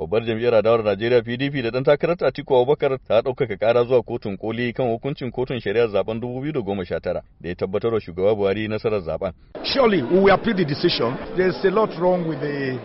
babbar jam'iyyar adawar Najeriya PDP da dan takarar Atiku Abubakar ta ɗaukaka ƙara zuwa kotun koli kan hukuncin kotun shari'ar zaben 2019 da ya tabbatar wa shugaba Buhari nasarar zaben. Surely we appeal the decision. There is a lot wrong with the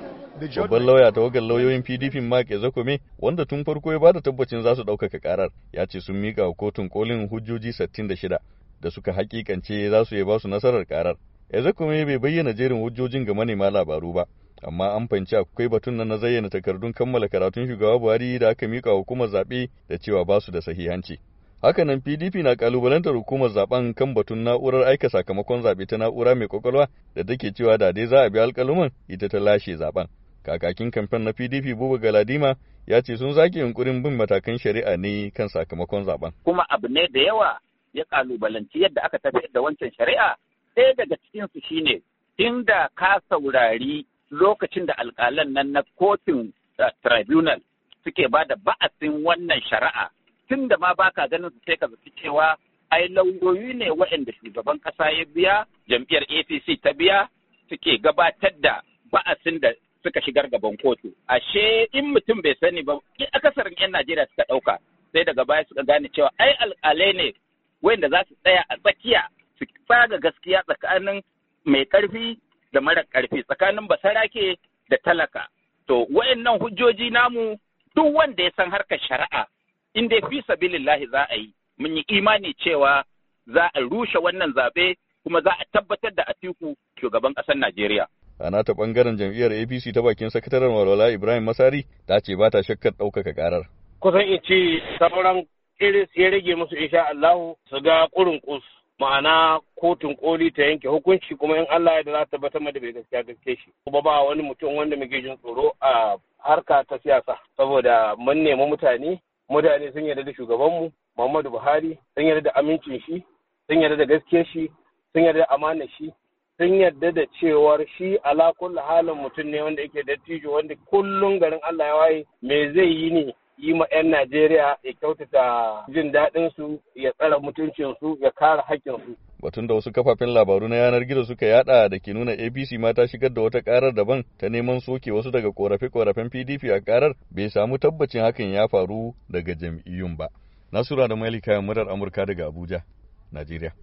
Babban lauya wagar lauyoyin PDP Mark Ezekome wanda tun farko ya bada tabbacin za su ɗaukaka karar ya ce sun mika wa kotun kolin hujjoji 66 da suka hakikance za su yi ba su nasarar karar. Ezekome bai bayyana jerin hujjojin ga manema labaru ba. amma an fahimci akwai batun nan na zayyana takardun kammala karatun shugaba Buhari da aka mika hukumar zaɓe da cewa ba su da sahihanci. Hakanan PDP na kalubalantar hukumar zaben kan batun na'urar aika sakamakon zaɓe ta na'ura mai kwakwalwa da take cewa da dai za a bi alƙaluman ita ta lashe zaben. Kakakin kamfen na PDP Buba Galadima ya ce sun zage yunkurin bin matakan shari'a ne kan sakamakon zaben. Kuma abu ne da yawa ya kalubalanci yadda aka tafi da wancan shari'a sai daga cikinsu shine tunda ka saurari lokacin da alƙalan nan na kotun eh, tribunal suke ba da ba'asin wannan shari'a tun da ma baka ganin su sai ka zafi cewa ai lauyoyi ne waɗanda shugaban ƙasa ya biya jam'iyyar apc ta biya suke gabatar da ba'asin da suka shigar gaban kotu ashe in mutum bai sani ba akasarin 'yan najeriya suka ɗauka sai daga baya suka gane cewa ai alƙalai ne wanda za su tsaya a tsakiya su tsaga gaskiya tsakanin mai ƙarfi da mara ƙarfi tsakanin basarake da talaka to nan hujjoji namu duk wanda ya san harkar shari'a in dai fi sabilillahi za a yi mun yi imani cewa za a rushe wannan zaɓe kuma za a tabbatar da atiku shugaban ƙasar Najeriya. a nata ɓangaren jam'iyyar apc ta bakin sakataren walwala ibrahim masari ta ce ba ta shakkar ɗaukaka karar kusan in ce sauran iris ya rage musu insha allahu su ga ƙurin ƙusu. ma'ana kotun koli ta yanke hukunci kuma in Allah ya da za ta tabbatar da bai gaskiya gaske shi kuma ba wani mutum wanda muke jin tsoro a harka ta siyasa saboda mun nemi mutane mutane sun yarda da shugabanmu Muhammadu Buhari sun yarda da amincin shi sun yarda da gaske shi sun yarda da amanar shi sun yarda da cewar shi ala kullu halin mutum ne wanda yake dattijo wanda kullun garin Allah ya waye me zai yi ne yi ma 'yan Najeriya ya kyautata jin daɗinsu, ya tsara mutuncinsu, ya kare haƙƙinsu. Batun da wasu kafafen labaru na yanar gizo suka yaɗa da ke nuna APC ma ta shigar da wata karar daban ta neman soke wasu daga korafe-korafen PDP a karar bai samu tabbacin hakan ya faru daga jam'iyyun ba. Nasura da kayan Murar Amurka daga Abuja, Najeriya.